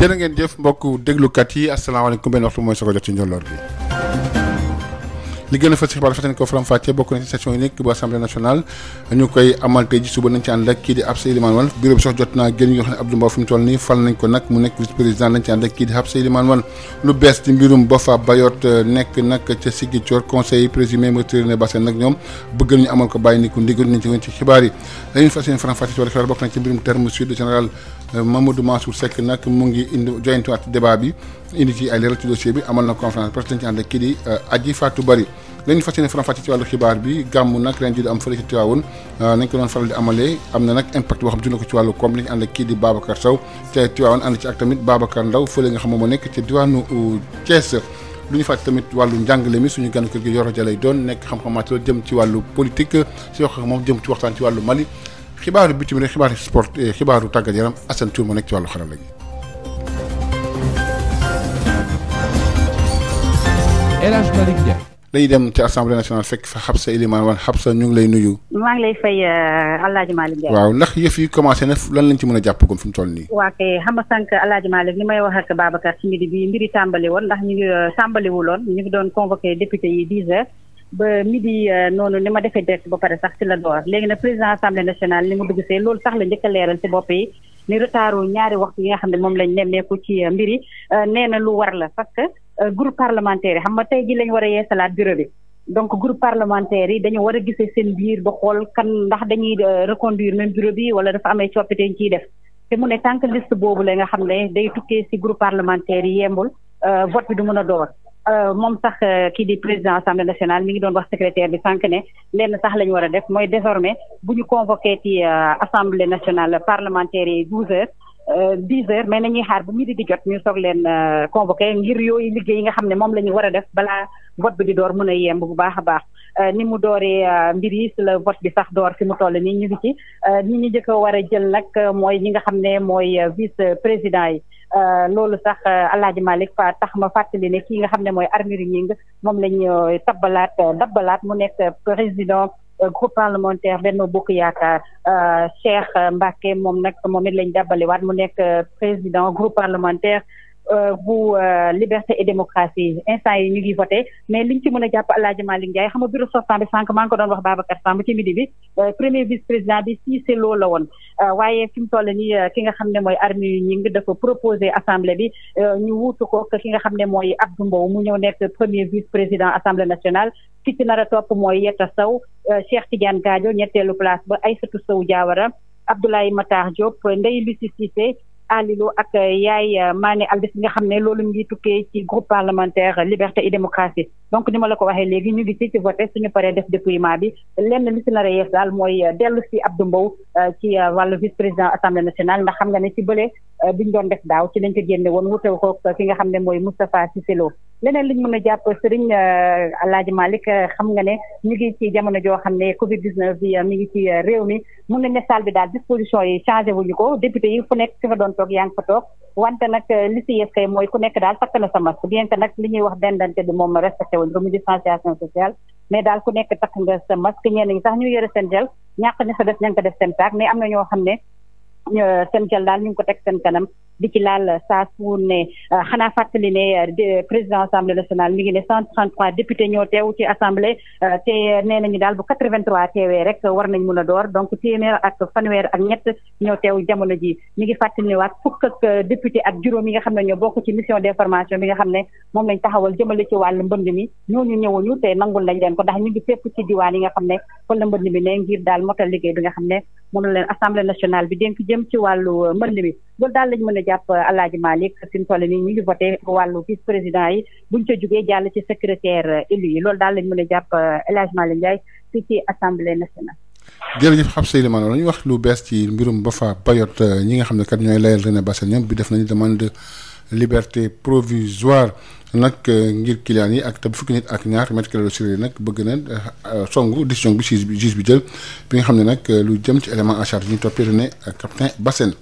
jërë ngeen jëf mbokku déglukat yi asalaamaaleykum benn waxtu mooy soo ko jot ci njolloor bi li gën a fës xibaar bokk na ci session unique bu assemblée suba kii di Absa Elimane Wane jot naa génn yoo xam ne Abdou nii fal nañ ko nag mu nekk vice président lañ ci ànd ak kii euh, nekk nag ca Ziguinchor conseil présumé ñoom bëgg nañu amal ku ndigal xibaar yi dañuy fas yéene bokk na ci mbirum terme sud général Euh, Mamadou Mansour Seck nag mu ngi indi joyantuwaat débat bi indi ci ay leeral ci dossier bi amal na conférence parce que dañ ci ànd ak kii di euh, Adji Fatou Bari lañu fas ci wàllu xibaar bi gàmm nag ren am fële ci Tiwaawoon euh, nañ ko doon na nag impact ko ci wàllu koom lañu ànd ak di Babacar Sow te Tiwaawoon ànd ci ak tamit Babacar Ndaw fële nga xam moo nekk ci diwaanu Thiès lu ñu fàtte tamit wàllu njàngale mi suñu gan kër gi yoro ja lay doon nekk xam-xamaat la jëm ci wàllu politique si wax moom jëm ci waxtaan ci wàllu Mali xibaaru bitim rek xibaaru sport eh, xibaaru tàggat yaram Assane Tour moo nekk ci wàllu xarala gi. El Hadj Malick Ndiaye. dañuy dem ci assemblée nationale fekk fa Habsa Elimane Wane Habsa ñu ngi lay nuyu. maa ngi lay fay eh, El Hadj Malick waaw ndax yëf yi commencé na lan lañ ci mën a jàpp comme fi mu toll nii. waa kay xam nga sànq El Hadj Malick may wax ak Babacar ci bi mbiri tàmbali woon ndax ñu eh, tàmbaliwu tàmbali ñu ngi doon convoqué député yi 10 heures. ba midi euh, noonu ni ma defee direct ba pare sax ci la door léegi nag président assemblée nationale ni ma bëgg see loolu sax la njëkk a leeral ci bopp yi ni retardu ñaari waxtu yi nga xam ne moom lañ nemmeeku ci euh, mbir yi euh, nee na lu war la parce que groupe parlementaire yi xam ma tey ji lañ war a yeesalaat bureau bi donc groupe parlementaire yi dañu war a gisee seen biir ba xool kan ndax dañuy reconduire même bureau bi wala dafa amee coppite ñu ciy def te mu ne tant que boobu la nga xam ne day tukkee ci groupe parlementaire yi yembul vote bi du mën a door Euh, moom sax euh, kii di président assemblée nationale mi ngi doon wax secrétaire bi sànq ne lenn sax la ñu war a def mooy désormais bu ñu convoqué ci euh, assemblée nationale parlementaire yi douze heures dix heures mais nañuy xaar bu midi di jot ñu soog leen convoqué ngir yooyu liggéey yi nga xam ne moom la ñu war a def balaa vote bi di door mën a yemb bu baax a baax ni mu dooree mbir yi si la vote bi sax door fi mu toll nii ñu ngi ci ni ñu njëkk a war a jël nag mooy ñi nga xam ne mooy vice président yi Euh, loolu sax euh, Alaaji Malick fa tax ma fàttali ne kii nga xam ne mooy Armuri Gningue moom lañ ñu dabalaat euh, mu nekk président groupe parlementaire Benno Bokk Yaakaar Cheikh Mbacke moom nag moom it lañ dabbaliwaat mu nekk président groupe parlementaire Euh, bu euh, liberté et démocratie instant yi ñu ngi voté mais liñ ci mën a jàpp Alaaji Malick Ndiaye xam nga bureau sortant bi sànq maa ngi ko doon wax Babacar Samb ci midi bi euh, premier vice président bi Cissé la woon waaye fi mu toll nii ki nga xam ne mooy Armée ñi ngi dafa proposé assemblée bi ñu wuutu ko ki nga xam ne mooy Abdou Mbow mu ñëw nekk premier vice président assemblée nationale ki ci nar a topp mooy Yetta Sow Cheikh Tidiane Gadio ñetteelu place ba ay Aïssatou Sow Diawara Abdoulaye Matar Diop Ndeye Lucie Cissé Alilo ak Yaay Mané Albis nga xam ne loolu ngi tukkee ci groupe parlementaire liberté et démocratie donc ni ma la ko waxee léegi ñu ngi ci ci voté suñu paree def dépouillement bi lenn li si daal mooy euh, dellu si Abdou Mbow euh, ci euh, wàllu vice président assemblée nationale ndax xam nga ne ci bële biñ doon def daaw ci lañ ko génne woon wuute ko ki nga xam ne mooy Moustapha Cissé Lo leneen liñ mën a jàpp Serigne Alaaji Malick xam nga ne ñu ngi ci jamono joo xam ne Covid 19 bi mi ngi ci réew mi mun nañ ne salle bi daal disposition yi changé wuñu ko député yi doon toog yaa ngi wante nag euh, li si yées kay mooy ku nekk daal takk na sa masque bien que nag li ñuy wax dendante bi moom respecté wuñ ba mu sociale mais daal ku nekk takk nga sa masque ñenn ñi sax ñu yore seen gel ñàkk ñu sa def ña ko def seen saak mais am na ñoo xam ne euh, seen gel daal ñu ngi ko teg seen kanam di ci laal saa su ne euh, xanaa fàttali ne euh, euh, président assemblée nationale mi ngi ne 133 députés ñoo teew ci assemblée te nee nañu daal bu 83 teewee rek war nañ mun a door donc téeméer ak fanweer ak ñett ñoo teew jamono ji mi ngi fàttali ne waat fukk ak député ak juróom yi nga xam ne ñoo bokk ci mission d'information bi nga xam ne moom lañ taxawal jëmale ci wàllu mbënd mi ñooñu ñu te nangul lañ leen ko ndax ñu ngi fépp ci diwaan yi nga xam ne kon la mbënd ngir daal motal liggéey bi nga xam ne moom la leen assemblée nationale bi dénk jëm ci wàllu euh, mbënd mi loolu daal lañu mën a jàpp euh, Alaaji Malick fi mu toll nii ñu ngi voté wàllu vice président yi buñ ca jógee jàll ci secrétaire euh, élu yi loolu daal lañu mën a jàpp Alaaji Malick Ndiaye fii ci assemblée nationale. jërëjëf xam say limaano ñu wax lu bees ci mbirum Boffa Bayotte ñi nga xam ne kat ñooy layal René Bassène ñoom bi def nañu demande liberté provisoire nag euh, ngir clients yi ak tam fukki nit ak ñaar maître yi nag bëgg na euh, songu décision bi juge bi juge bi jël bi nga xam ne nag euh, lu jëm ci élément en charge ñu toppee ne capitaine Bassène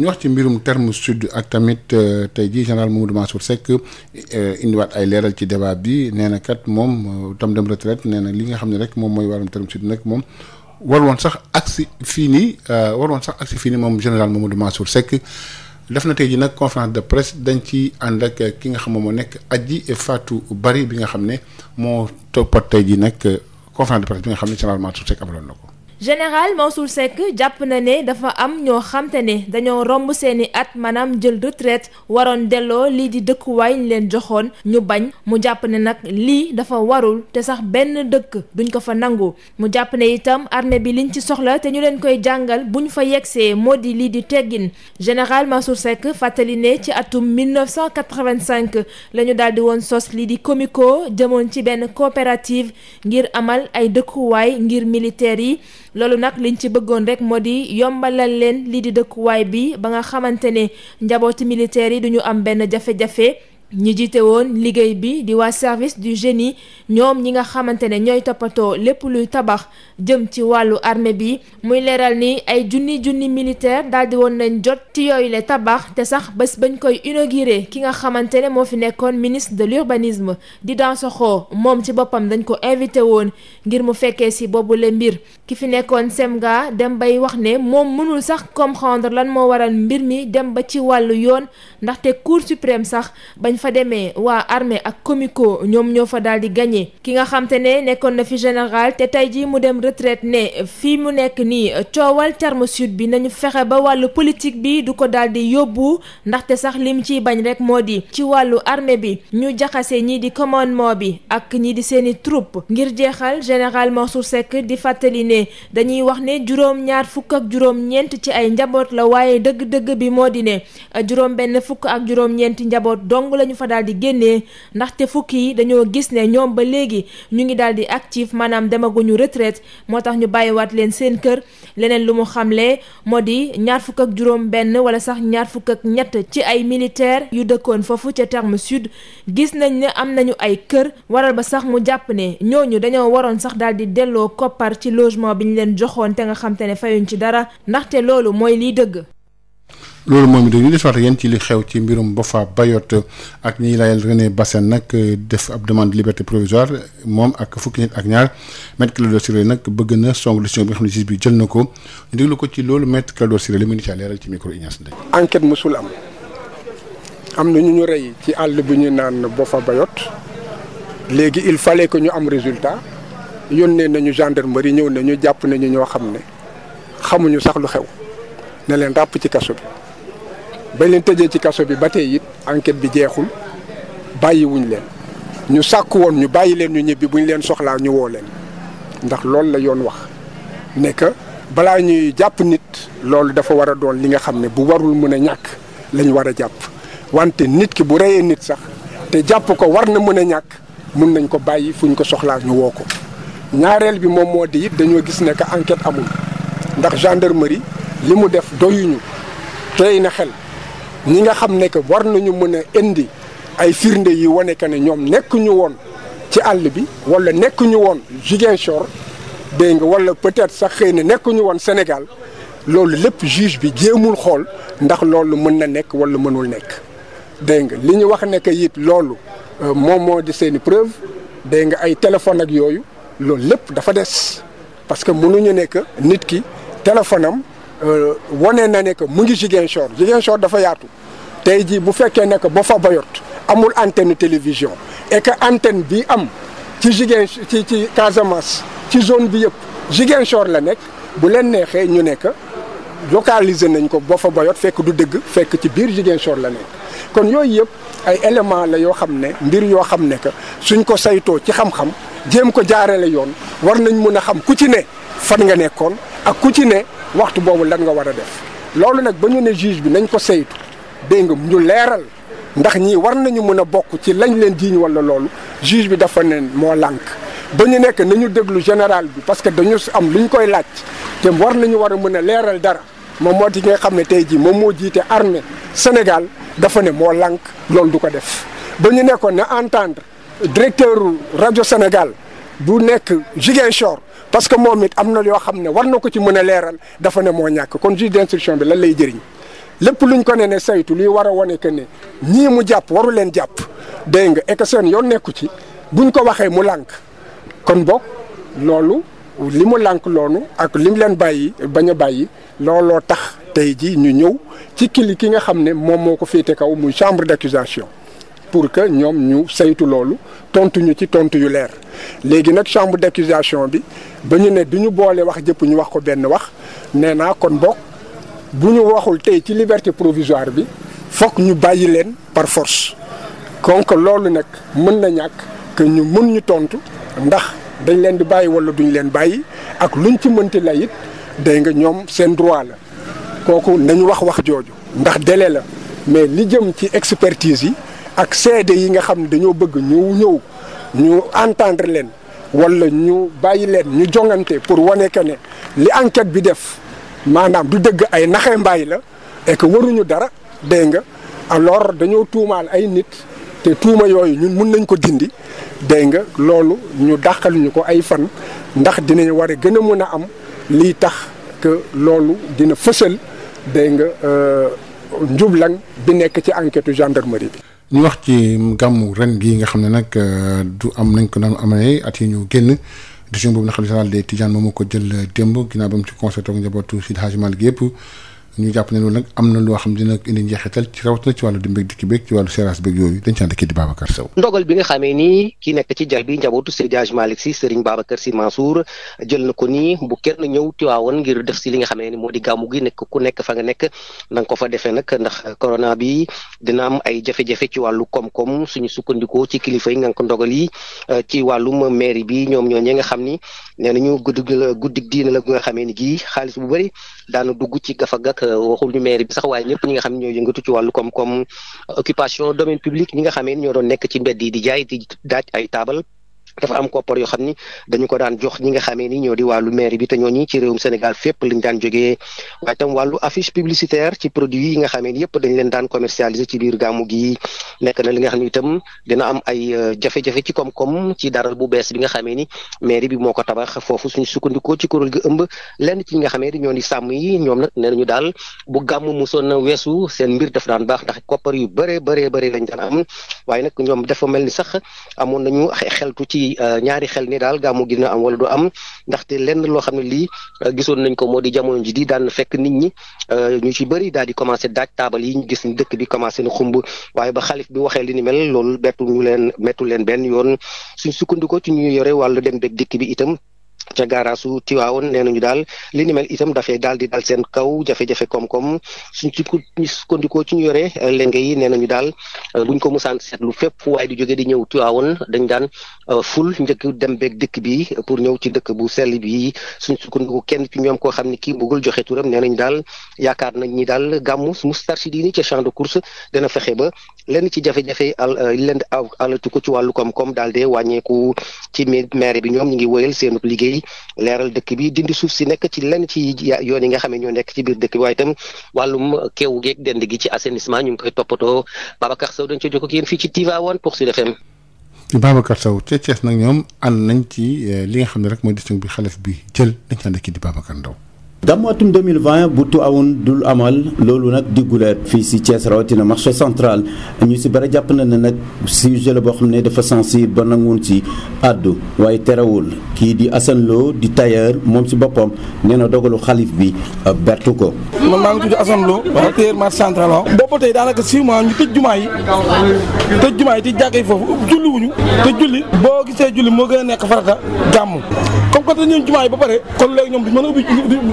ñu wax ci mbirum terme sud ak tamit tey jii général Mamadou Mansour Seck indiwaat ay leeral ci débat bi nee na kat moom tam dem retraite nee na li nga xam ne rek moom mooy wàllum terme sud nag moom war woon sax agsi fii nii war woon sax agsi fii nii moom général Mamadou Mansour def na tey ji nag conférence de presse dañ ci ànd ak ki nga xam moo nekk Adji Fatou Bari bi nga xam ne moo toppat tey ji nag conférence de presse bi nga xam ne généralement su fekk amaloon na ko. général Mansour Seck jàpp na ne dafa am ñoo xamte ne dañoo romb seeni at maanaam jël retraite waroon delloo lii di dëkkuwaay leen joxoon ñu bañ mu jàpp ne nag lii dafa warul te sax benn dëkk duñ ko fa nangu mu jàpp ne itam armée bi liñ ci soxla te ñu leen koy jàngal buñ fa yegsee moo di lii di teggin général Mansour Seck fàttali ne ci atum 1985 la ñu daal di woon sos lii di Comico jëmoon ci benn coopérative ngir amal ay dëkkuwaay ngir militaire yi loolu nag liñ ci bëggoon rek moo di yombalal leen lii di dëkkuwaay bi ba nga xamante ne njabootu militaire yi duñu am benn jafe-jafe ñi jiite woon liggéey bi di waa service du génie ñoom ñi nga xamante ne ñooy toppatoo lépp luy tabax jëm ci wàllu armée bi muy leeral ni ay junni junni militaire daal woon nañ jot ci yooyu le tabax te sax bés bañ koy inauguré ki nga xamante ne moo fi nekkoon ministre de l'urbanisme di Dansokho moom ci boppam dañ ko invité woon ngir mu fekkee si boobu mbir ki fi nekkoon Semga dem bay wax ne moom mënul sax comprendre lan moo waral mbir mi dem ba ci wàllu yoon fa demee waa armée ak comico ñoom ñoo fa daal di gagné ki nga xam ne nekkoon na fi général te tey jii mu dem retraite ne fii mu nekk nii coowal Carme Sud bi nañu fexe ba wàllu politique bi du ko daal di yóbbu ndaxte sax lim ciy bañ rekk moo di ci wàllu armée bi ñu jaxase ñii di commandement bi ak ñii di seeni troupe ngir jeexal général Mansour Seck di fàttali ne dañuy wax ne juróom-ñaar fukk ci ay njaboot la waaye dëgg-dëgg bi moo di ne juróom-benn fukk ak juróom-ñeenti njaboot dong lañu ñu fa daal di génnee ndaxte fukki yi dañoo gis ne ñoom ba léegi ñu ngi daal di actif maanaam demaguñu retraite moo tax ñu bàyyiwaat leen seen kër leneen lu mu xamle moo di ñaar fukk ak juróom benn wala sax ñaar fukk ak ñett ci ay militaire yu dëkkoon foofu ca terme sud gis nañ ne am nañu ay kër waral ba sax mu jàpp ne ñooñu dañoo waroon sax daal di delloo koppar ci logement bi ñu leen joxoon te nga xamte ne fayuñ ci dara ndaxte loolu mooy liy dëgg loolu moom it dañuy defaat yéen ci li xew ci mbirum Boffa Bayotte ak ñiy layal René Bassène nag euh, def ab demande liberté provisoire moom ak fukki nit ak ñaar maître Clédor Ciré nag bëgg na song décision bi nga xam jël na ko ñu déglu ko ci loolu maître Clédor Ciré li mu initial leeral ci micro Ignace Ndeye. enquête mosul am am na ñu ñu rey ci àll bu ñu naan Boffa Bayotte léegi il fale que ñu am résultat yónnee nañu gendarmerie ñëw ñu jàpp nañu ñoo xam ne xamuñu sax lu xew ne leen ràpp ci kaso bi. bañ leen tëjee ci kaso bi ba tey it enquête bi jeexul bàyyiwuñ leen ñu sàkk woon ñu bàyyi leen ñu ñibbi buñ leen soxlaa ñu woo leen ndax loolu la yoon wax ne que balaa ñuy jàpp nit loolu dafa war a doon li nga xam ne bu warul mën a ñàkk lañ war a jàpp wante nit ki bu reyee nit sax te jàpp ko war na mën a ñàkk mun nañ ko bàyyi fuñ ko soxlaa ñu woo ko ñaareel bi moom moo di it dañoo gis ne que enquête amul ndax gendarmerie li mu def doyuñu tey na xel ñi nga xam ne que war nañu mën a indi ay firnde yi wane que ne ñoom nekkuñu woon ci àll bi wala nekkuñu ñu woon Ziguinchor dégg nga wala peut-être sax xëy na nekkuñu woon Sénégal loolu lépp juge bi jéemul xool ndax loolu mën na nekk wala mënul nekk dégg nga li ñu wax ne que it loolu euh, moom moo di seeni preuve dégg nga ay téléphone ak yooyu loolu lépp dafa des parce que mënuñu nekk nit ki téléphone am Euh, wane na ne que mu ngi Ziguinchor Ziguinchor dafa yaatu tey jii bu fekkee ne que ba fa Bayot amul antenne télévision et que antenne bi am ci Ziguinchor ci ci Casamance ci zone bi yëpp Ziguinchor la nekk bu leen neexee ñu nekk que nañ ko ba fa Bayot fekk du dëgg fekk ci biir Ziguinchor la nekk kon yooyu yëpp ay élément la yoo xam ne mbir yoo xam ne que suñ ko saytoo ci xam-xam jéem ko jaarale yoon war nañ mun a xam ku ci ne fan nga nekkoon ak ku ci ne waxtu boobu lan nga war a def loolu nag ba ñu ne juge bi nañ ko saytu dégg nga ñu leeral ndax ñii war nañu mën a bokk ci lañ leen jiiñ walla loolu juge bi dafa ne moo lànk ba ñu nekk nañu déglu général bi parce que dañu am lu ñu koy laaj te war nañu war a mën a leeral dara moom moo di nga xam ne tey jii moom moo jiite armée Sénégal dafa ne moo lànk loolu du ko def ba ñu nekkoon ne entendre directeur rajo Sénégal bu nekk Ziguinchor parce que moom it am na yoo xam ne war na ko ci mën a leeral dafa ne moo ñàkk kon juge d'instruction bi lan lay jëriñ lépp luñ ko ne ne saytu luy war a wane que ne ñii mu jàpp waru leen jàpp dégg nga et yoon nekku ci buñ ko waxee mu lànk kon boog loolu li mu lànk loonu ak li mu leen bàyyi bañ a bàyyi looloo tax tey ji ñu ñëw ci kili ki nga xam ne moom moo ko te kaw muy chambre d'accusation pour que ñoom ñu saytu loolu tontu ñu ci tontu yu leer léegi nag chambre d'accusation bi ba ñu ne du ñu boole wax jëpp ñu wax ko benn wax nee naa kon bokk bu ñu waxul tey ci liberté provisoire bi fokk ñu bàyyi leen par force kon loolu nag mën na ñàkk que ñu mën ñu tontu ndax dañ leen di bàyyi wala duñ leen bàyyi ak luñ ci mënti lay it day nga ñoom seen droit la kooku nañu wax wax jooju ndax délai la mais li jëm ci expertise yi ak seede yi nga xam ne dañoo bëgg ñu ñëw ñu entendre leen wala ñu bàyyi leen ñu jongante pour wane que ne li enquête bi def maanaam du dëgg ay naxe mbaay la et que waruñu dara dégg nga alors dañoo tuumaal ay nit te tuuma yooyu ñun mun nañ ko dindi dégg nga loolu ñu dàqal ko ay fan ndax dinañ war a gën a mën a am lii tax que loolu dina fësal dégg nga euh, njublang bi nekk ci enquête gendarmerie bi. ñu wax ci gàmmu ren gi nga xam ne nag euh, du am nañ ko daan amee at yi ñu génn décision boobu na xam ne général des Tidiane moom moo ko jël euh, démb ginaa ba mu ci concerté ak njabootu Seydi Hadji Malick gi yëpp ñu jàpp ne loolu nag am loo xam ne indi njeexital ci rawatina ci wàllu di mbég dikki wàllu séerage béeg yooyu dañ bi nga xamee nii ki nekk ci jax bi njabootu Seydi Hadj Malick Sy Serigne Babacar Sy jël na ko nii bu kenn ñëw Tiwaawan ngir def si li nga xamee ni moo di gàmmu gi nekk ku nekk fa nga nekk na ko fa defee nag ndax corona bi dina am ay jafe ci wàllu koom suñu sukkandikoo ci kilifa yi nga ndogal yi euh, ci wàllum mairie bi ñoom ñoo ñi nga xam ni nee nañu guddig diina la nga xamee ni gii xaalis bu bëri daana dugg ci gafa ak euh, waxul ñu maire bi sax waaye ñëpp ñi nga xam ne ñoo yëngatu ci wàllu koom-koom occupation domaine public ñi nga xamee ñoo doon nekk ci mbedd yi di jaay di daaj ay taabal dafa am koppar yoo xam ni dañu ko daan jox ñi nga xamee ni ñoo di wàllu mairie bi te ñooñu ci réewum Sénégal fépp lañ daan jógee waaye tam wàllu affiche publicitaire ci produit yi nga xamee ni yëpp dañ leen daan commercialiser ci biir gàmmu gi nekk na li nga xam ni itam dina am ay euh, jafe-jafe ci koom-koom ci dara bu bees bi nga xamee ni mairie bi moo ko tabax foofu suñu sukkandikoo ci kuréel gi ëmb lenn ci ñi nga xamee ni ñoo di sàmm yi ñoom nag nee ñu daal bu gàmm mosoon na weesu seen mbir daf daan baax ndax koppar yu bëree bëree bëri lañ daan am waaye nag ñoom dafa mel ni sax amoon nañu xeltu ci ci euh, ñaari xel ni daal gàmmu gi dina am wala du am ndaxte lenn loo xam ne lii euh, gisoon nañ ko moo di jamono ji di daan fekk nit ñi euh, ñu ci bëri daal di commencé daaj taabal yi ñu gis ni dëkk bi commencé na xumb waaye ba xalif bi waxee li ni mel loolu bettu ñu leen mettu leen benn yoon suñ sukkandiku ci ñu yore wàllu dem beeg dikk bi itam ca gaaraasu Tiwaawoon nee nañu daal li ni mel itam dafay daal di dal seen kaw jafe-jafe koom-koom suñ ci sukkandikoo ci ñu yore lenge yi nee nañu daal euh, buñ ko musaan seetlu fépp waaye di jogee di ñëw Tiwaawoon dañ daan euh, ful njëkk dem beeg dëkk bi pour ñëw ci dëkk bu sell bi suñ sukkandikoo kenn ci ñoom koo xam ne kii bëggul joxe turam nee ñu daal yaakaar nañ ñi daal gàmmu Moustarchidine ca champ de course dana fexe ba lenn ci jafe-jafe al euh, leen alatu ko ci wàllu koom daal de wàññeeku ci maire bi ñoom ñu ngi wëyal seen liggéey yi leeral dëkk bi dindi suuf si nekk ci lenn ci yoon yi nga xam ne ñoo nekk ci biir dëkk bi waaye itam wàllum keewu gi dend gi ci assainissement ñu ngi koy toppatoo Babacar Sow dañ ci jokk fii ci Tivaouane pour Sud FM ci Babacar Sow ca nag ñoom ànd nañ ci eh, li nga xam ne rek mooy décision bi xalif bi jël dañ ci ànd di Babacar Ndaw gàmmu atum 2020 bu Tiwaawoon dul amal loolu nag digguleet fii si Thiès rawatina marché central ñu si bëri jàpp na ne nag sujet la boo xam ne dafa sensible ba nanguwun si àddu waaye terewul kii di Assane di tailleur moom si boppam nee na dogalu xalif bi bertu ko. man maa ngi tudd Assane Lo. waaw tailleur marché central waaw. boobu tey daanaka 6 mois ñu tëj jumaa yi tëj jumaa foofu julli te julli boo gisee julli moo gën a nekk farata gàmm comme que tey ñun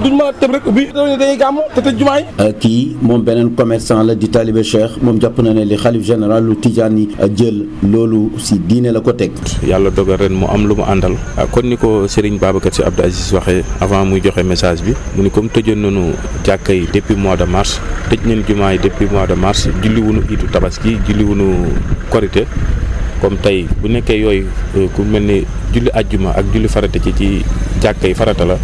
jumaa mënuma tëb rek ubbi dañuy euh, kii moom beneen commerçant la di talibé cheikh moom jàpp na ne li xalif général lu tijaan yi euh, jël loolu si diine la ko teg yàlla dogal ren mu am lu mu àndal euh, kon ni ko Serigne Babacar Sy Abdou Aziz waxee avant muy joxe message bi mu ni comme tëjoon nañu jàkka yi depuis mois de mars tëj nañ jumaa yi depuis mois de mars julli nu iitu tabaski julli wunu korité comme tey bu nekkee yooyu euh, ku mel ni julli ajjuma ak julli farata ci ci jàkka yi farata la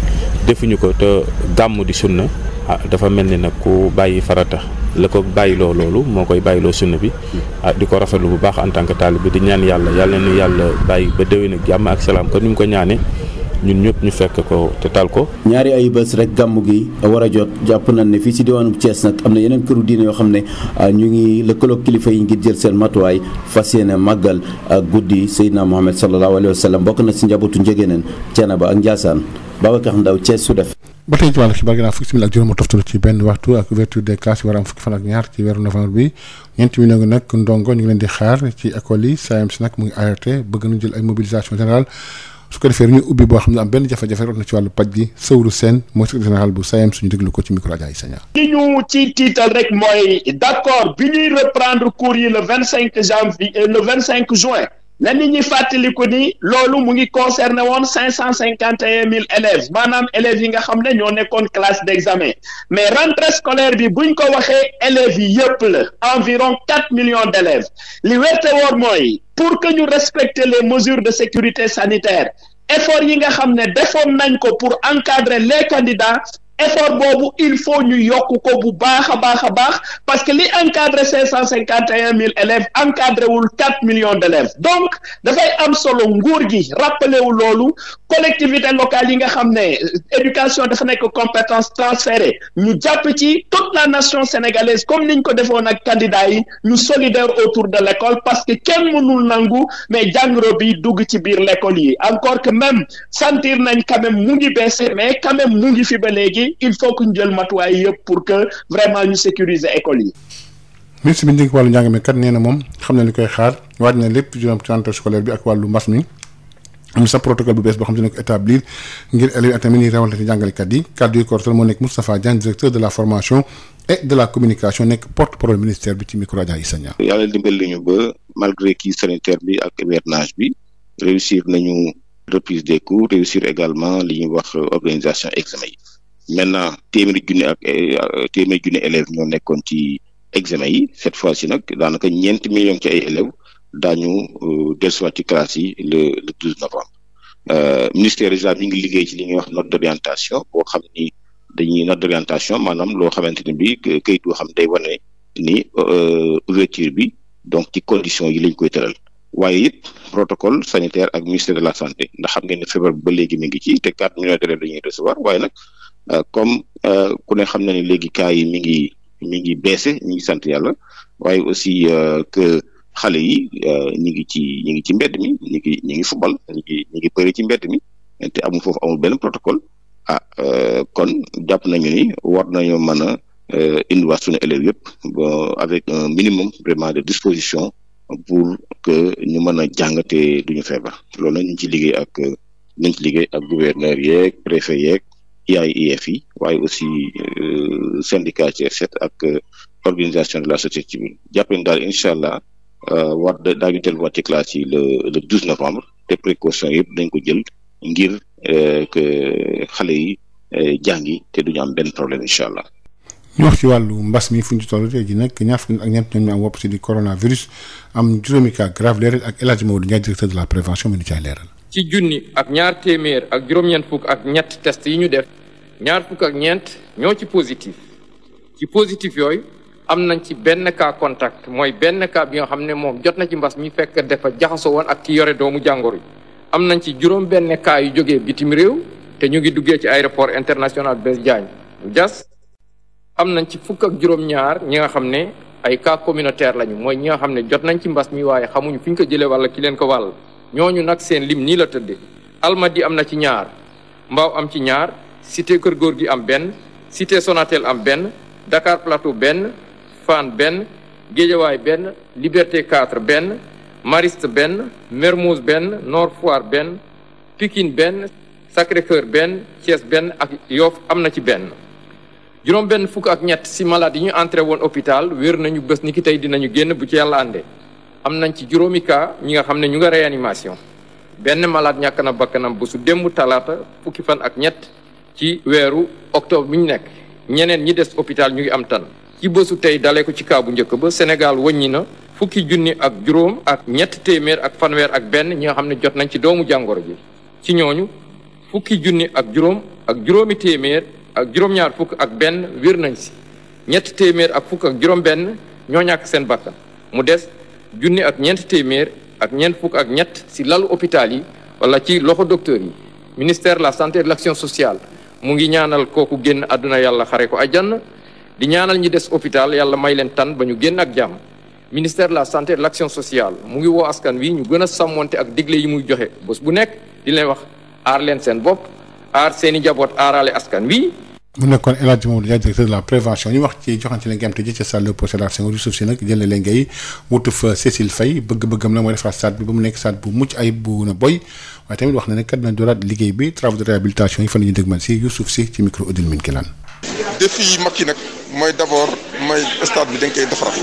defuñu ko te gàmm di sunna ah dafa mel ni nag ku bàyyi farata la ko bàyyiloo loolu moo koy bàyyiloo sunna bi ah di ko rafetlu bu baax en tant que taalibe bi di ñaan yàlla yàlla na nu yàlla bàyyi ba déwén ak jàmm ak salaam kon ñu mu ko ñaanee ñun ñëpp ñu fekk ko te tal ko. ñaari ay bés rek gàmm gi war a jot jàpp nañ ne fii si diwaanu cees nag am na yeneen këru diine yoo xam ne ah, ñu ngi lëkkaloo kilifa yi ngir jël seen matuwaay fas yéene màggal ah, guddi Seydina Mohamed sallallahu alayhi wa sallam bokk na si njabootu Njëgeeneen Thiénaba ak Ndiassane Babacar Ndaw Thiès su def. ba tey ci wàllu xibaar gi naan fukki simili ak juróom benn waxtu fan ak ñaar ci weeru novembre bi ñeenti million nag ndongo ñu ngi leen di xaar ci école yi SAEMS nag mu ngi arrêté bëgg nañu jël ay mobilisation générale su ko defee ñu ubbi boo xam ne am benn jafe-jafe rot na ci wàllu paj gi Sëwru Sène mooy secrétaire général bu SAEM suñu déglu ko ci micro Adja Sagna li ñu ci tiital rek mooy d'accord bi ñuy reprendre cours yi le vingt cinq janvier euh, le vingt cinq juin na nit ñi fàttaliku ni loolu mu ngi concerné woon cinq cent cinquante et mille élèves maanaam élèves yi nga xam ne ñoo nekkoon classe d'examen mais rentrée scolaire bi bu ñu ko waxee élèves yi yëpp la environ quatre millions d'élèves li werte woon mooy pour que ñu respecter les mesures de sécurité sanitaire effort yi nga xam ne defoon nañ ko pour encadrer les candidats effort boobu il faut ñu yokk ko bu baax a baax a baax parce que li encadré cinq cent cinquante et mille élèves encadré wul quatre millions d' élèves donc dafay am solo nguur gi rappelé wu loolu collectivité locale yi nga xam ne éducation dafa nekk compétence transférée ñu jàpp ci toute la nation sénégalaise comme niñ ko defoon ak candidat yi ñu solidaire autour de lécole parce que kenn mënul nangu mais jàngoro bi dugg ci biir l' yi encore que même sentir nañ quand mu ngi baissé mais quand mu ngi fi ba léegi bi il faut que ñu jël matuwaay yëpp pour que vraiment ñu sécuriser école yi. ministre bi ñu dénk wàllu njàng mi nee na moom xam na li koy xaar waaj na lépp jëm ci rentrée scolaire bi ak wàllu mbas mi. am na sax protocole bu bees boo xam ne ko établir ngir élèves ak tamit ñuy rawante jàngalekat yi kàddu yu kortal moo nekk Moustapha Diagne directeur de la formation et de la communication nekk porte-parole ministère bi ci micro Adja Issa Niang. yàlla dimbali ñu ba malgré crise sanitaire bi ak hivernage bi réussir nañu reprise des cours réussir li ñuy wax maintenant téeméeri junne ak eh, euh, téeméeri junne élèves ñoo nekkoon ci examen yi cette fois ci nag daanaka ñeent millions ci ay élèves daañu euh, dellusiwaat ci classe yi le le douze novembre euh, ministère des mi ngi liggéey ci li ñuy wax note d'orientation boo xam ni dañuy note d'orientation maanaam loo xamante ni bi kayit boo xam day wane ni ouverture bi donc ci conditions yi lañ koy tëral waaye it protocole sanitaire ak ministère de la santé ndax xam ngeen ne feebar ba léegi mi ngi ci te quatre millions d'élèves dañuy recevoir waaye nag Euh, comme euh, ku ne xam na ne léegi cas yi mi ngi mi ngi baissé ñu ngi sant yàlla waaye aussi euh, que xale yi ñu ngi ci ñu ngi ci mbedd mi ñu ngi ñu ngi football ñu ngi ñu ci mbedd mi te amu foofu amul ben protocole ah kon jàpp nañu ni war nañoo mën a indiwaat suñu élèves yëpp avec un minimum vraiment de disposition pour que ñu mën a jàngatee duñu feebar loolu nag ñu ngi ci liggéey ak ñu ci liggéey ak gouverneur yeeg préfet yeeg E IAIF e yi waaye aussi euh, syndicat CR7 ak euh, organisation de la société civile jàppeen daal incha allah euh, war daañu delluwaat ci classe yi le le douze novembre te précaution yëpp dañ ko jël ngir que xale yi jàngi te duñu am benn problème incha allah. ñu wax ci wàllu mbas mi fu ñu toll tey jii nag ñaar fukki ak ñeent ñoom ñu am wopp si di coronavirus am juróomi cas grave leeral ak El Hadj Maodo directeur de la prévention mu ngi leeral. ci junni ak ñaar téeméer ak juróom-ñeent fukk ak ñett test yi ñu def ñaar fukk ak ñeent ñoo ci positif ci positif yooyu am nañ ci benn cas contact mooy benn kaa bi nga xam ne moom jot nañ ci mbas mi fekk dafa jaxasoo woon ak ki yore doomu jàngoro yi am nañ ci juróom benn kaa yu jógee bitim réew te ñu ngi duggee ci aéroport international Blaise Diagne jas am nañ ci fukk ak juróom-ñaar ñi nga xam ne ay cas communautaire lañu mooy ñi nga xam ne jot nañ ci mbas mi waaye xamuñu fi ko jëlee walla ki leen ñooñu nag seen lim nii la tëdde almadi am na ci ñaar mbaaw am ci ñaar cité kër góor gi am benn cité sonatel am benn dakar plateau benn fann benn géejawaay benn liberté 4 benn mariste benn mermoz benn nord benn pikin benn sacré benn thiès benn ak yoof am na ci benn juróom benn fukk ak ñett si malade ñu entré woon hôpital wér nañu bës ni ki tey dinañu génn bu ci yàlla àndee am nañ ci juróomi kaa ñi nga xam ne ñu nga réanimation benn malaat ñàkk na bakkanam bu su démb talaata fukki fan ak ñett ci weeru octobre bi ñu nekk ñeneen ñi des hôpital ñu ngi am tan ci bësu tey dalee ko ci cas bu njëkk ba Sénégal wëññi na fukki junni ak juróom ak ñett téeméer ak fanweer ak benn ñi nga xam ne jot nañ ci doomu jàngoro ji ci ñooñu fukki junni ak juróom ak juróomi téeméer ak juróom-ñaar fukk ak benn wér nañ si ñett téeméer ak fukk ak juróom benn ñoo ñàkk seen bakkan mu des junni ak ñeent téeméer ak ñeent fukk ak ñett si lalu hôpital yi wala ci loxo docteur yi ministère la santé de l'action sociale mu ngi ñaanal kooku génn àdduna yàlla xare ko àjjana di ñaanal ñi des hôpital yàlla may leen tan ba ñu génn ak jàmm ministère la santé de l'action sociale mu ngi woo askan wi ñu gën a sàmmonte ak digle yi muy joxe bés bu nekk di leen wax aar leen seen bopp aar seeni njaboot aarale askan wi mu nekkoon El Hadj Mamadou Dia directeur de la prévention ñu wax ci joxante leen ngeen am te ca salle procès d'art Senghor mu nekk stade bu mucc ayib bu na wax na ne kat na dooraat liggéey bi travaux de réhabilitation yi fan la ñu dëgmal si Youssouf Sy ci micro Odile Minkilan. défi mag yi nag mooy d'abord mooy stade bi dañ koy defaraat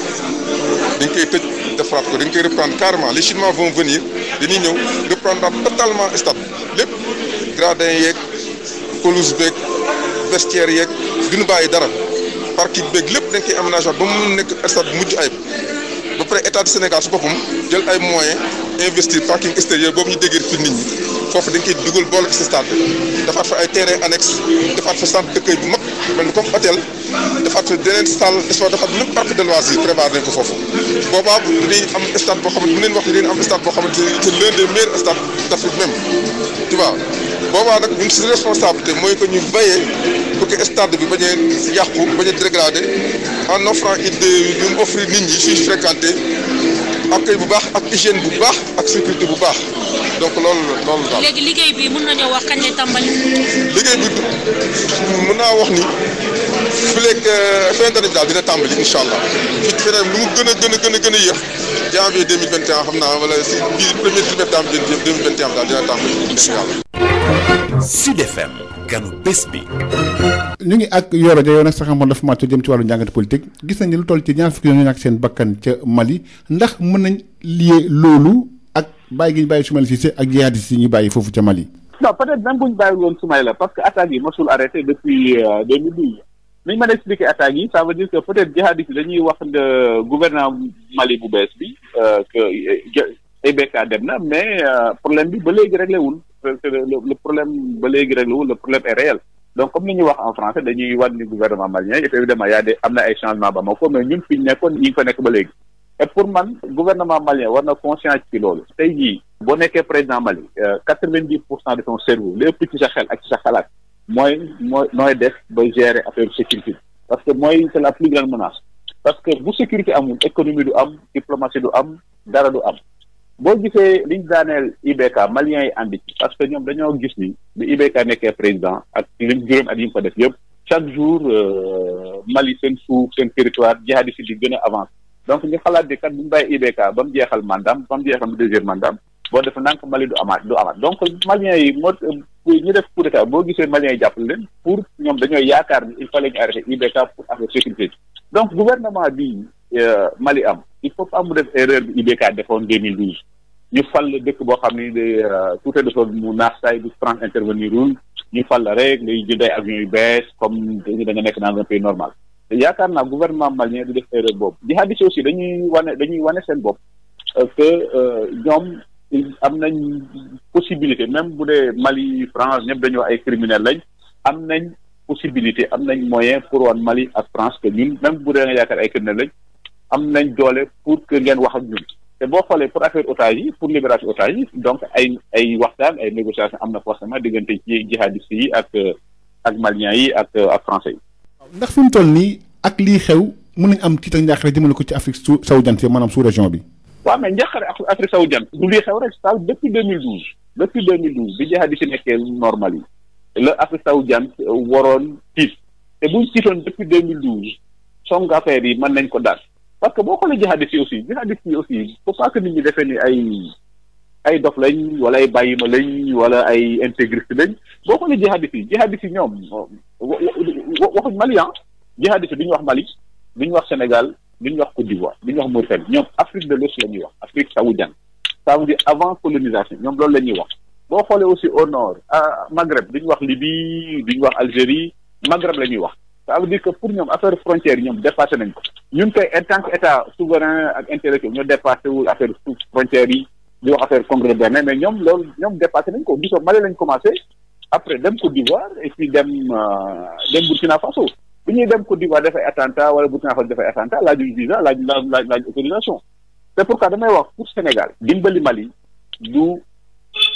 dañ koy tëj defaraat ko dañ koy reprendre carrément les Chinois venir dañuy ñëw reprendre totalement stade lépp gradin yeeg pelouse beeg. vestiaire yeeg duñu bàyyi dara parking beeg lépp dañ koy aménagé ba mu nekk stade bu mujj ayib ba pare état du Sénégal su boppam jël ay moyens investir parking extérieur boobu ñu déggee ci nit ñi foofu dañ koy dugal boole ci stade defaat fa ay terrain annexe defaat fa centre d'accueil bu mag mel ni comme hôtel defaat fa deneen salle sport defaat lépp parc de loisirs prévoir nañ ko foofu. boobaa dañuy am stade boo xamante bu leen wax dañuy am stade boo xamante ne c'est l'un des meilleurs stades d'Afrique même tu vois boobaa mooy que ñu veiller pour stade bi bañ a yàqu bañ a dégradé. en offrant idée bi euh, mu offrir nit ñi suñu fréquenté accueil bu baax ak hygiène bu baax ak sécurité bu baax donc loolu la loolu daal. léegi liggéey bi mën nañoo wax kañ lay tàmbali. liggéey bi mën naa wax ni fii léeg euh, fin d'année bi daal dina tàmbali incha allah fii ci lu mu gën a gën a gën a gën a yéex janvier 2021 xam naa wala si biir premier trimestre janvier 2021 daal dina tàmbali incha allah. ganu bés bi. ñu ngi ak Yoro Dia yow nag sa xam-xam ma màcc jëm ci wàllu njàngat politique gis nañu lu toll ci ñaar fukki yoon ñu ñàkk seen bakkan ca Mali ndax mën nañ lié loolu ak bàyyi gi su bàyyi si Cissé ak jihadistes yi ñu bàyyi foofu ca Mali. non peut-être même bu ñu bàyyi woon Soumaïla parce que attaques yi mosul arrêté depuis 2012. Euh, ni ñu mën expliquer attaques yi ça veut dire que peut-être yi dañuy wax ne gouvernement Mali bu bees bi euh, que EBK euh, e dem na mais problème bi ba léegi réglé wul le problème ba léegi réglé wu le problème est réel donc comme ni wax en français dañuy wàññi ni gouvernement malien et évidemment y a des am na ay changement ba ma ko mais ñun fi ñu nekkoon ñi ngi fa nekk ba léegi et pour man gouvernement malien war na conscience ci loolu tey jii boo nekkee président Mali euh, quatre vingt dix pour cent de son cerveau lépp ci sa xel ak ci sa xalaat mooy mooy nooy def ba gérer affaire sécurité parce que mooy c'est la plus grande sécurité amul économie du am diplomatie du am dara du am boo gisee liñ daaneel IBK maliens yi àndi parce que ñoom dañoo gis ni bi IBK nekkee président ak lim juróom at yi ko def yëpp chaque jour euh, Mali seen suuf seen territoire jihadiste di gën a avancé donc ñu xalaat di kat bu mu bàyyi IBK ba mu jeexal mandam ba mu jeexal mu deuxième mandam boo def nank Mali du amaat du amaat donc maliens yi moo euh, ñu def coup d'état boo gisee maliens yi jàppale leen pour ñoom dañoo yaakaar ni il fallait ñu arrêté IBK pour affaire sécurité Euh, Mali am il faut pas mu def erreur bi IBK defoon 2012 ñu fal la dëkk boo xam ni euh, de tuute de sol mu naax saay du France intervenir wul ñu fal la rek ngay jënd ay avions yu bees comme da nga nekk naa un pays normal yaakaar naa gouvernement malien du def erreur boobu jihadis aussi dañuy wane dañuy wane seen bopp euh, que ñoom am nañ possibilité même bu dee Mali France ñëpp dañu wax ay criminel lañ am nañ possibilité am nañ moyen pour wan Mali ak France que ñun même bu dee nga yaakaar ay criminel lañ am nañ doole pour que ngeen wax ak ñun te boo xoolee pour affaire otage yi pour libération otage yi donc ay ay waxtaan ay négociation am na forcément diggante ci jihadistes yi ak ak maliens yi ak ak français yi. ndax fi mu toll nii ak lii xew mu nañ am tiit ak njaaxle jëmale ko ci Afrique su sawu jant maanaam sous région bi. waaw mais njaaxle ak Afrique sawu jant du lii xew rek saw depuis 2012 depuis 2012 bi jihadistes yi nekkee normal yi la Afrique sawu jant waroon tiit te buñ tiitoon depuis 2012 song affaire yi mën nañ ko daal. parce que boo xoolee jihadis yi aussi jihadis yi aussi faut pas que nit ñi defee ni ay ay dof lañ wala ay bàyyima lañ wala ay intégriste lañ boo xoolee jihadis yi jihadis yi ñoom waxuñ Mali ah jihadis yi du ñu wax Mali du ñu wax Sénégal du ñu wax Côte d'Ivoire du ñu wax Mauritanie ñoom Afrique de l'Ouest la wax Afrique saoudienne ça veut dire avant colonisation ñoom loolu la ñuy wax boo xoolee aussi au nord Maghreb du ñu wax Libye du ñu wax Algérie Maghreb la ñuy wax ça veut dire que pour ñoom affaire frontière ñoom dépassé ko ñun kay en tant que état souverain ak intellectuel ñoo dépassé wul affaire suuf frontières yi di wax affaire congrès benn mais ñoom loolu ñoom dépassé nañ ko gisoo Mali lañ commencé après dem Côte d'Ivoire et puis dem euh, dem Burkina Faso bu ñuy dem Côte d'Ivoire dafay attentat wala Burkina Faso dafay attentat laajuñ visa laaj laaj laaj autorisation c'est pourquoi damay wax pour Sénégal dimbali Mali du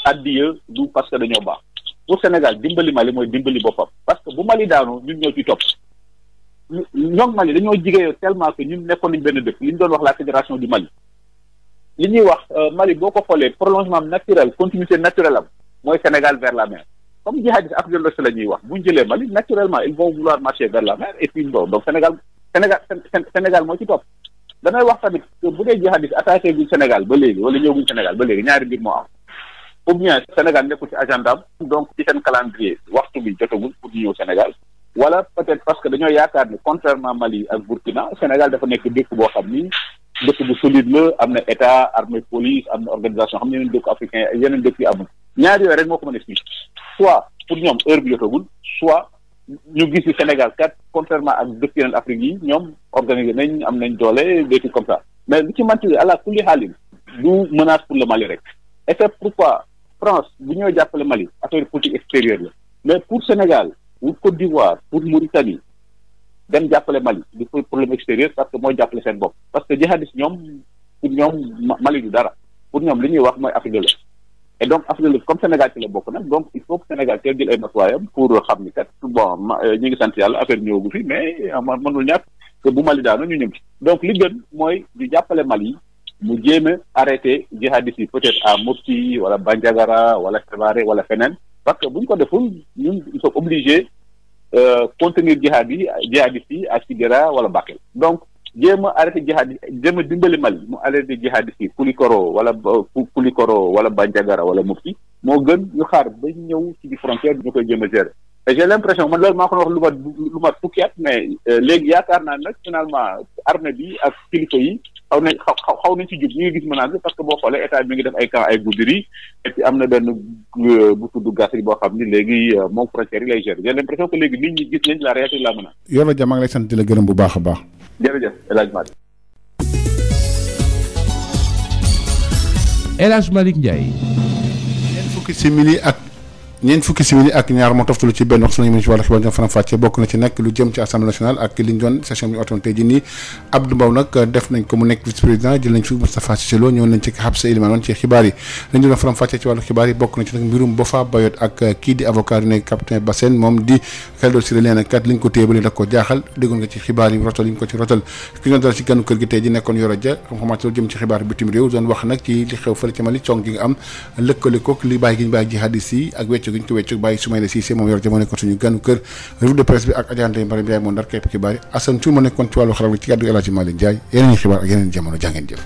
addiya du parce que dañoo baax pour Sénégal dimbali Mali mooy dimbali boppam parce que bu Mali daanu ñun ñoo ci topp ñu ñoom Mali dañoo jigéeyoo tellement que ñun nekkoon nañ benn dëkk li ñu doon wax la fédération du Mali li ñuy wax euh, Mali boo ko xoolee prolongement naturel continuité naturelle am mooy Sénégal vers la mer comme jihadiste Afrique de l'Ouest la ñuy wax bu ñu jëlee Mali naturellement ils vont vouloir marcher vers la mer et puis bon donc Sénégal Sénégal Sénégal moo ci topp. danay wax tamit bu dee jihadiste attaqué guñ Sénégal ba léegi wala ñëw guñ Sénégal ba léegi ñaari mbir moo am ou Sénégal nekkul ci agenda donc ci seen calendrier waxtu bi jotagul pour ñu ñëw Sénégal. wala peut-être parce que dañoo yaakaar ni contrairement Mali ak Burkina Sénégal dafa nekk dëkk boo xam ni dëkk bu solide la am na état armée police am na organisation xam ne yeneen dëkk africain yeneen dëkk yi amul ñaar yooyu rek moo ko mën a expliquer soit pour ñoom heure bi jotagul soit ñu gis ci Sénégal kat contrairement ak dëkk yeneen Afrique yi ñoom organisé nañ am nañ doole des trucs comme ça mais lu ci manti àla kulli xaalin du menace pour le Mali rek et c'est pourquoi France bu ñoo jàppale Mali affaire politique extérieure la mais pour Sénégal pour Côte d'Ivoire pour Mauritanie dem jàppale Mali du problème extérieur parce que mooy jàppale seen bopp parce que jihadiste ñoom pour ñoom Mali du dara pour ñoom li ñuy wax mooy Afrique de l'Ouest et donc Afrique comme Sénégal ci la bokk nag donc il faut que Sénégal teel jël ay matuwaayam pour xam ni kat bon euh, ñu ngi sant yàlla affaire ñëwagu fi mais mënul ñàkk que bu Mali daanu ñu ñëw ci donc li gën mooy di jàppale yi mu jéem a arrêté jihadiste yi peut-être à Mopti wala Bandiagara wala Sévaré wala feneen parce que bu ñu ko deful ñun ils sont obligés euh, contenir jihad yi jihadistes yi à Kidira wala Bakel donc jéem a arrêté jihad yi jéem a dimbali Mali mu arrêté jihadistes yi Koulikoro wala Koulikoro euh, wala Bandiagara wala Mopti moo gën ñu xaar ba ñëw ci frontière bi ñu koy jéem a et j'ai l'impression man loolu maa ko wax lu mat fukki at mais euh, léegi yaakaar naa nag finalement armée bi ak kilifa yi xaw nañ xaw xaw nañ ci jub ñu ngi gis menace bi parce que boo xoolee état bi ngi def ay camp ay Goudiri am na benn euh, bu tudd Gassiri boo xam ni léegi euh, moom frontière yi lay gérer j'ai l'impression que léegi nit ñi gis nañ la réalité de la menace. Yoro Dia maa ngi lay sant di la gërëm bu baax a baax. jërëjëf El Hadj Malick. El Hadj Malick Ndiaye. fukki simili ak ñeent fukki ci benn wax suñu ci xibaar ñu na ci nag lu ñu doon session ci wàllu xibaar yi bokk na ci nag mbirum Bofa Bayot ak kii di avocat yu nekk capitaine moom di Clédor Ciré Ly nag kat ko téye ba ko jaaxal déggoon nga ci xibaar yi rotal yi ko ci rotal ki ñoo dal ci ganu kër gi tey ji nekkoon Yoro Dia xam-xamaat loolu jëm ci xibaar bitim réew doon wax nag ci li xew fële ci Mali cong gi nga am lëkkale kook li bàyyi gi ñu bàyyi jihadis yi ak wecc weccu gi ñu ko weccu bàyyi Soumaïla Cissé moom yor jamono nekkoon suñu ganu kër revue de presse bi ak ajante Mbari Ndiaye moo ndar képp xibaar yi Assane Thiour moo nekkoon ci wàllu xarala ci kàddu El Hadji yeneen ñu xibaar ak yeneen jamono jàngeen jëf